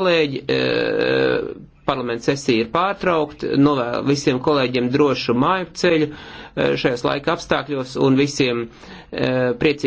kolēģi, e, parlamenta sesija ir pārtraukta, novēl visiem kolēģiem drošu māju ceļu e, šajos laika apstākļos un visiem e, priecīgi.